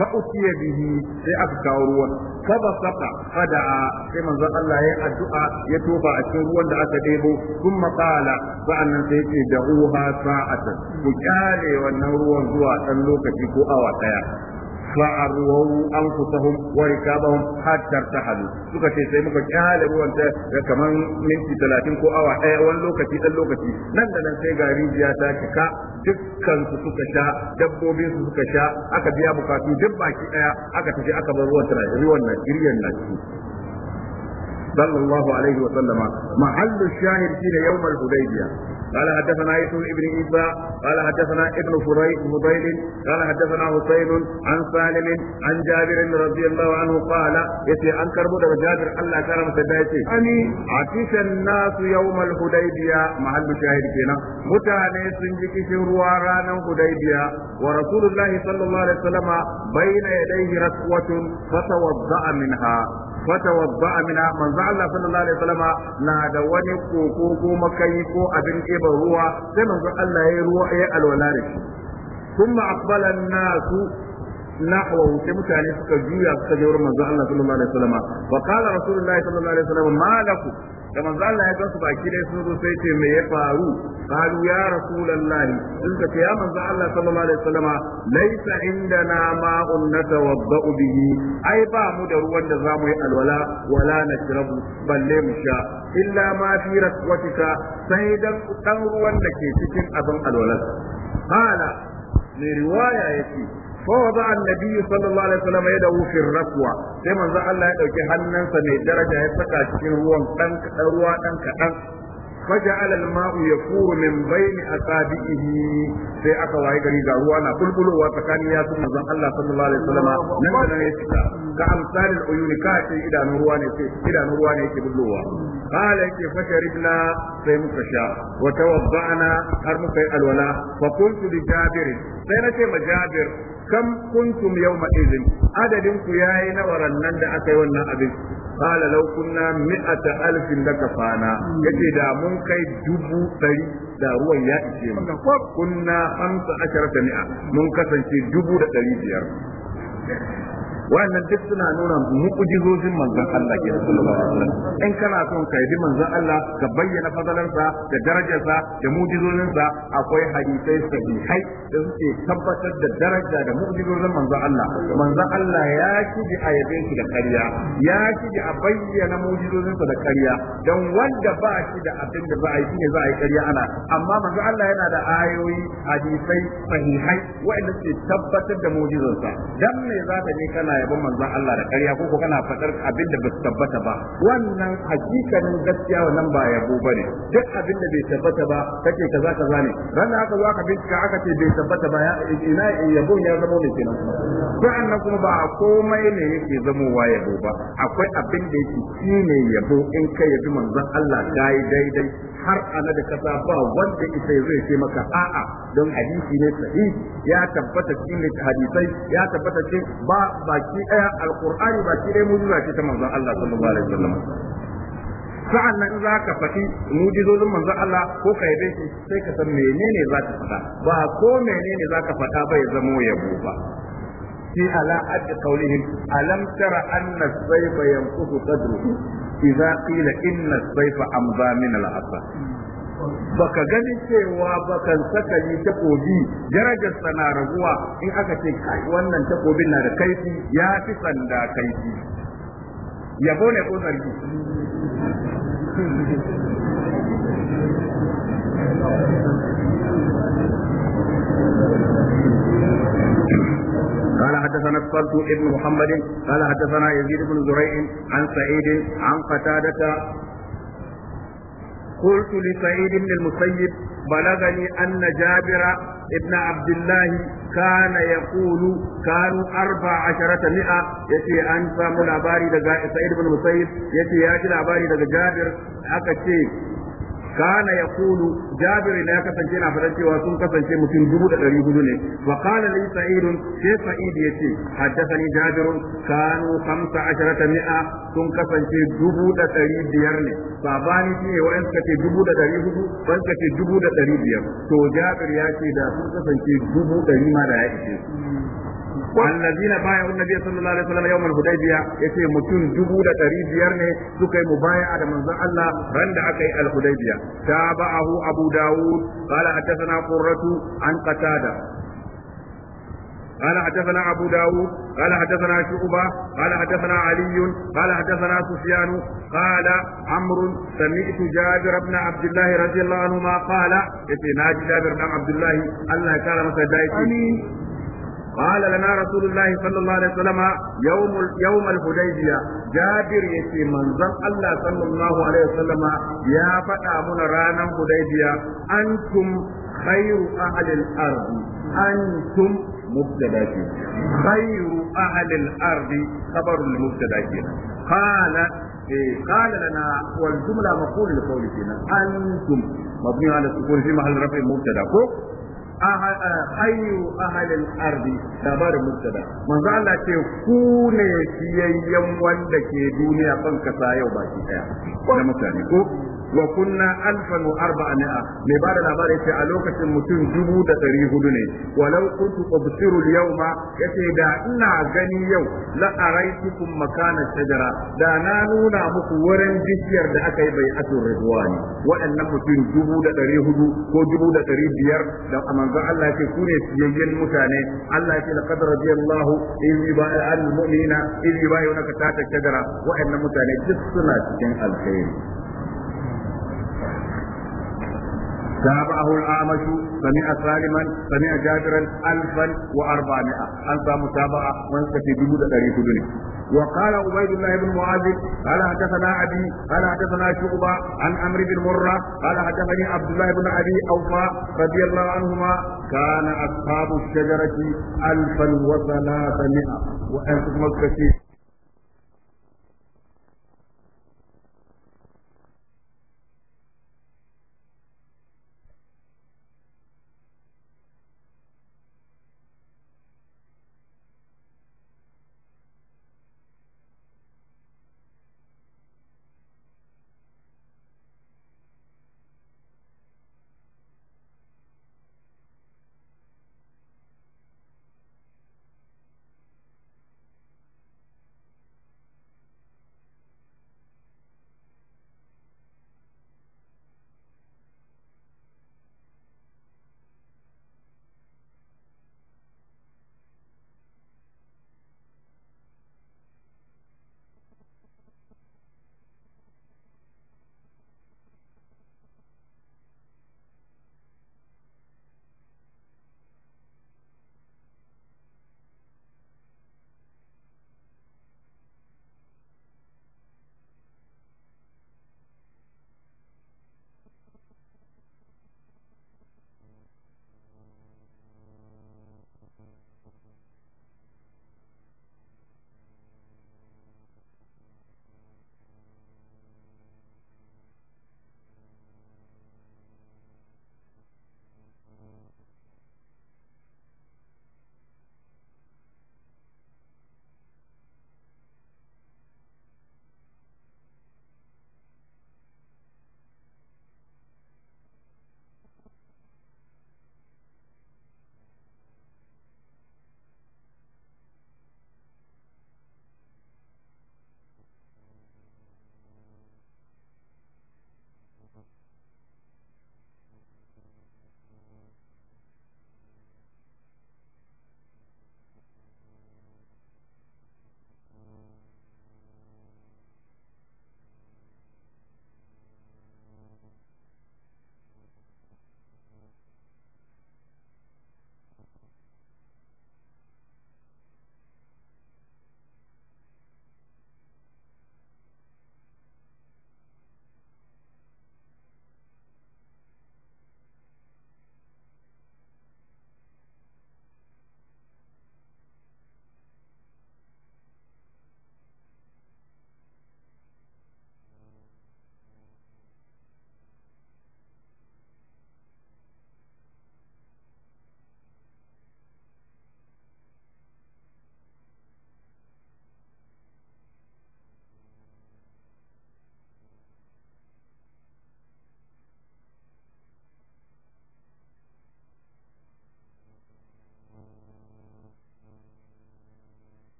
S1: fa utiya bihi sai aka kawo ruwan fa basata fada'a sai manzo Allah ya addu'a ya tofa a cikin ruwan da aka debo kuma qala sa'annan sai yace da'uha sa'atan ku kyale wannan ruwan zuwa dan lokaci ko awa daya فأرووا أنفسهم وركابهم حتى ارتحلوا suka ce sai muka kyale ruwan ta da kaman minti talatin ko awa ɗaya wani lokaci ɗan lokaci nan da nan sai ga rijiya ta cika dukkan su suka sha dabbobin su suka sha aka biya bukatu duk baki ɗaya aka tafi aka bar ruwan tana ruwan na jiryan na ci sallallahu alaihi wa sallama mahallu shahid shine yawmal hudaybiyah قال حدثنا يوسف بن عيسى قال حدثنا ابن فضيل قال حدثنا حسين عن سالم عن جابر رضي الله عنه قال يتي عن كربو جابر الله كرم سدايتي اني عطش الناس يوم الحديبيه محل شاهد كنا متاني سنجي كشن روا رانا حديبيه ورسول الله صلى الله عليه وسلم بين يديه ركوه فتوضا منها Wata منها من زعل الله صلى الله عليه وسلم نادى وني كوكو كو مكاي كو ابن ruwa sai manzo Allah yayi ruwa yayi alwala da shi kuma aqbala nasu nahwahu sai mutane suka juya suka je wurin manzo Allah sallallahu alaihi wasallam wa rasulullahi sallallahu alaihi malaku. da manzo Allah ya gansu baki dai sun zo sai ce me ya faru qalu ya rasulullahi sun ka ya manzo Allah sallallahu alaihi wasallama laisa indana ma'un natawadda'u bihi ai ba mu da ruwan da zamu yi alwala wala nashrabu balle mu sha illa ma fi raswatika sai dan dan ruwan da ke cikin abin alwala qala ne riwaya yake fa wada annabi sallallahu alaihi wasallam ya dawo fi rakwa sai manzo Allah ya dauki hannunsa mai daraja ya saka cikin ruwan ɗan, ruwa dan kadan فجعل الماء يفور من بين أصابعه sai aka waye gari ga ruwa na kulkulowa tsakanin ya sun Allah sallallahu alaihi wasallam nan da nan fita ga amsalin uyuni ka ce idanun ruwa ne ce idanun ruwa ne yake bullowa qala yake sai muka sha wa tawadda'na har muka yi alwala fa kuntu li jabir sai na ce ma jabir kam kuntum yawma idhin adadin ku yayi na nan da aka yi wannan abin qala mi'a kunna mi'ata alfin fana, yace da mun kai dubu dari da ruwan ya ishe mu kunna 15 mi'a mun kasance dubu da dari biyar wannan duk suna nuna mu'jizojin manzon Allah ke sallallahu in kana son ka yi manzon Allah ka bayyana fadalarsa da darajarsa da mu'jizozinsa akwai hadisai sahihai da suke tabbatar da daraja da mu'jizojin manzon Allah manzon Allah ya shige a shi da kariya, ya shige a bayyana mu'jizozinsa da kariya dan wanda ba shi da abin da za a yi shine za a yi ƙarya ana amma manzon Allah yana da ayoyi hadisai sahihai wa'anda suke tabbatar da mu'jizarsa dan me za ka je kana yabon manzon Allah da ƙarya ko kana faɗar abin da bai tabbata ba wannan hakikanin gaskiya wannan ba yabo ba duk abin da bai tabbata ba kake kaza kaza ne ranar aka zo aka bincika aka ce bai tabbata ba ina yabon ya zama ne kenan na kuma ba komai ne yake zamowa yabo ba akwai abin da yake shine yabo in kai yabi manzon Allah dai daidai har ana da kasa ba wanda isa zai ce maka a'a don hadisi ne sahi ya tabbata cikin hadisai ya tabbata ce ba baki daya alqur'ani baki daya mujiza ce ta manzon Allah sallallahu alaihi wasallam sa'an nan za ka faɗi mujizozin manzon Allah ko ka yabe shi sai ka san menene za ka faɗa ba ko menene za ka faɗa ba ya zamo yabo ba في على قد قولهم ألم تر أن السيف ينقص قدره idza qila inna as-sayfa amza min al baka gani cewa baka saka yi takobi darajar sana raguwa in aka ce kai wannan takobin na da kaifi ya fi sanda kaifi yabo ne ko zargi حدثنا الصلت ابن محمد قال حدثنا يزيد بن زريع عن سعيد عن قتادة قلت لسعيد بن المسيب بلغني أن جابر ابن عبد الله كان يقول كانوا أربع عشرة مئة يتي أنسى من عباري سعيد بن المسيب يتي ياتي العباري دقى جابر أكتشي kana kulu jabir ne ya kasance na faɗa cewa sun kasance mutum dubu da ɗari hudu ne wa qala li sa'id sai sa'id yace haddathani jabir kanu 15 mi'a sun kasance dubu da ɗari biyar ne sabani shi ne wa'an suka ce dubu da ɗari hudu wa'an suka ce dubu da ɗari biyar to jabir ya ce da sun kasance dubu ɗari ma da ya ishe wallazina baya wa nabi sallallahu alaihi wasallam yawmal hudaybiya yace mutum dubu da dari biyar ne suka yi mubaya'a da manzon Allah ran da aka yi al-hudaybiya tabahu abu dawud qala hadathana qurratu an qatada قال حدثنا أبو داود قال حدثنا شعبة قال حدثنا علي قال حدثنا سفيان قال عمرو سمعت جابر بن عبد الله رضي الله عنهما قال يتي ناجي جابر بن عبد الله الله تعالى مسجد قال لنا رسول الله صلى الله عليه وسلم يوم يوم الحديبيه جابر يتي منزل الله صلى الله عليه وسلم يا فدا من رانا الحديبيه انتم خير اهل الارض انتم مبتدا خير اهل الارض خبر المبتدا قال إيه، قال لنا والجمله مقول لقول انتم مبني على السكون في محل رفع مبتدا hayyu ahalin ardi labarin mubtada manzo Allah ce ku ne fiyayyen wanda ke duniya kan kasa yau baki daya da mutane ko wa kunna alfan wa arba'a mai ba da labari sai a lokacin mutum dubu da ɗari hudu ne walau kuntu ubsiru ma yace da ina gani yau la araitukum makana shajara da na nuna muku wurin bishiyar da aka yi bai'atul ridwani waɗannan mutum dubu da ɗari hudu ko dubu da ɗari biyar da a manzon Allah yake ku ne siyayyen mutane Allah yake laqad radiyallahu in yubai'al mu'mina in yubayi'unaka ta waɗannan mutane duk suna cikin alkhairi تابعه الأعمش سمع سالما سمع جابرا ألفا وأربعمائة ألف متابعة وانسكي بمدة تاريخ الدنيا وقال عبيد الله بن معاذ قال حدثنا أبي قال حدثنا شعبة عن عمرو بن مرة قال حدثني عبد الله بن أبي أوفى رضي الله عنهما كان أصحاب الشجرة ألفا وثلاثمائة وأنتم مكتشف